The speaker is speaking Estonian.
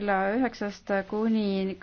kella üheksast kuni